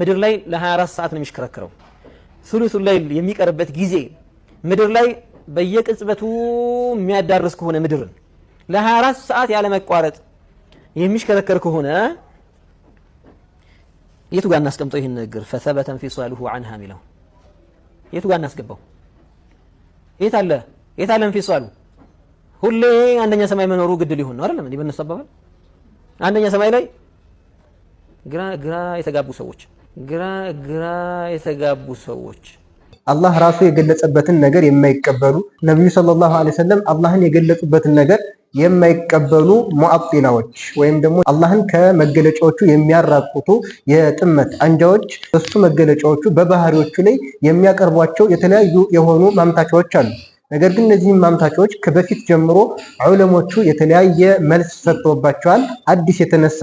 ምድር ላይ ለ24 ሰዓት ነው የሚሽከረከረው። ሱሉሱ ላይል የሚቀርበት ጊዜ ምድር ላይ በየቅጽበቱ የሚያዳርስ ከሆነ ምድርን ለ24 ሰዓት ያለመቋረጥ የሚሽከረከር ከሆነ የቱ ጋር እናስቀምጠው? ይህን ንግግር ፊ ሷልሁ አንሃ የሚለው የቱ ጋር እናስገባው? የት አለ የት አለ እንፊሳሉ? ሁሌ አንደኛ ሰማይ መኖሩ ግድ ሊሆን ነው አይደለም? እንዲህ በነሱ አባባል አንደኛ ሰማይ ላይ ግራ ግራ የተጋቡ ሰዎች ግራ ግራ የተጋቡ ሰዎች አላህ ራሱ የገለጸበትን ነገር የማይቀበሉ ነቢዩ ሰለላሁ ዐለይሂ ወሰለም አላህን የገለጹበትን ነገር የማይቀበሉ ሙአጢላዎች ወይም ደግሞ አላህን ከመገለጫዎቹ የሚያራቁቱ የጥመት አንጃዎች እሱ መገለጫዎቹ በባህሪዎቹ ላይ የሚያቀርቧቸው የተለያዩ የሆኑ ማምታቻዎች አሉ። ነገር ግን እነዚህም ማምታቾች ከበፊት ጀምሮ ዑለሞቹ የተለያየ መልስ ሰጥተውባቸዋል። አዲስ የተነሳ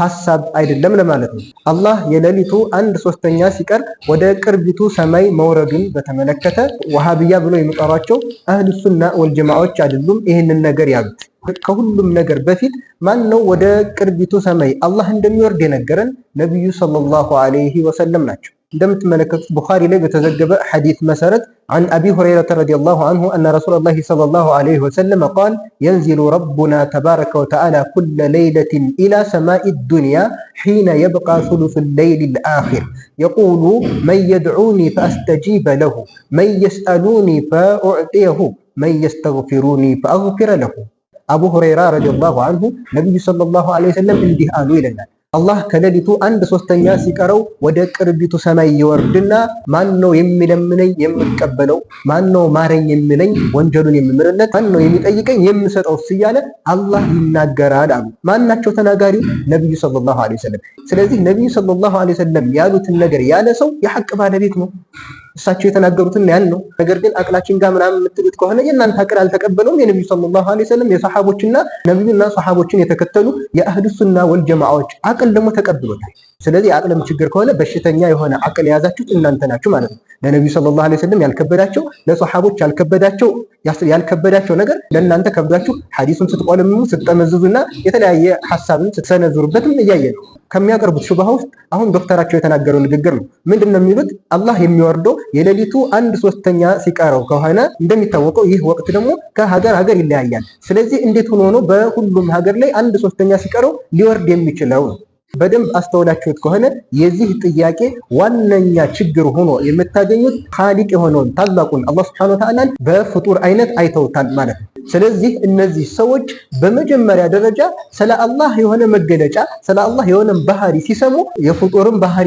ሀሳብ አይደለም ለማለት ነው። አላህ የሌሊቱ አንድ ሶስተኛ ሲቀር ወደ ቅርቢቱ ሰማይ መውረዱን በተመለከተ ወሃብያ ብሎ የሚጠሯቸው አህል ሱና ወልጀማዎች አይደሉም ይህንን ነገር ያሉት። ከሁሉም ነገር በፊት ማን ነው ወደ ቅርቢቱ ሰማይ አላህ እንደሚወርድ የነገረን? ነቢዩ ሰለላሁ ዐለይሂ ወሰለም ናቸው። እንደምትመለከቱት ቡኻሪ ላይ በተዘገበ ሐዲት መሰረት አን አቢ ሁረይረተ ረዲየላሁ አንሁ አነ ረሱለላሂ ሰለላሁ ዐለይሂ ወሰለም ቃል የንዚሉ ረቡና ተባረከ ወተዓላ ኩለ ለይለትን ኢላ ሰማኢ ዱንያ ሒነ የብቃ ሱሉሱ ሌይል ልአኪር የቁሉ መን የድዑኒ ፈአስተጂበ ለሁ መን የስአሉኒ ፈኡዕጢየሁ መን የስተግፊሩኒ ፈአግፊረ ለሁ። አቡ ሁረይራ ረዲየላሁ አንሁ ነቢዩ ሰለላሁ ዐለይሂ ወሰለም እንዲህ አሉ ይለናል አላህ ከሌሊቱ አንድ ሶስተኛ ሲቀረው ወደ ቅርቢቱ ሰማይ ይወርድና ማን ነው የሚለምነኝ የምቀበለው? ማን ነው ማረኝ የሚለኝ ወንጀሉን የምምርለት? ማን ነው የሚጠይቀኝ የምሰጠው? እያለ አላህ ይናገራል አሉ። ማናቸው ተናጋሪው? ነቢዩ ሰለላሁ ዐለይሂ ወሰለም። ስለዚህ ነቢዩ ሰለላሁ ዐለይሂ ወሰለም ያሉትን ነገር ያለ ሰው የሐቅ ባለቤት ነው። እሳቸው የተናገሩትም ያን ነው። ነገር ግን አቅላችን ጋር ምናምን የምትሉት ከሆነ የእናንተ አቅል አልተቀበለውም። የነቢዩ ሰለላሁ ዐለይሂ ወሰለም የሰሓቦችና ነቢዩና ሰሓቦችን የተከተሉ የአህሉ ሱና ወልጀማዓዎች አቅል ደግሞ ተቀብሎታል። ስለዚህ የአቅልም ችግር ከሆነ በሽተኛ የሆነ አቅል የያዛችሁት እናንተ ናችሁ ማለት ነው። ለነቢዩ ሰለላሁ ዐለይሂ ወሰለም ያልከበዳቸው፣ ለሰሓቦች ያልከበዳቸው ያልከበዳቸው ነገር ለእናንተ ከብዷችሁ ሐዲሱን ስትቆለምሙ ስትጠመዝዙና የተለያየ ሀሳብን ስትሰነዝሩበትም እያየ ነው። ከሚያቀርቡት ሹብሃ ውስጥ አሁን ዶክተራቸው የተናገረው ንግግር ነው። ምንድን ነው የሚሉት? አላህ የሚወርደው የሌሊቱ አንድ ሶስተኛ ሲቀረው ከሆነ እንደሚታወቀው ይህ ወቅት ደግሞ ከሀገር ሀገር ይለያያል። ስለዚህ እንዴት ሆኖ ነው በሁሉም ሀገር ላይ አንድ ሶስተኛ ሲቀረው ሊወርድ የሚችለው ነው? በደንብ አስተውላችሁት ከሆነ የዚህ ጥያቄ ዋነኛ ችግር ሆኖ የምታገኙት ኻሊቅ የሆነውን ታላቁን አላህ ሱብሓነሁ ወተዓላን በፍጡር አይነት አይተውታል ማለት ነው። ስለዚህ እነዚህ ሰዎች በመጀመሪያ ደረጃ ስለ አላህ የሆነ መገለጫ ስለ አላህ የሆነ ባህሪ ሲሰሙ የፍጡርን ባህሪ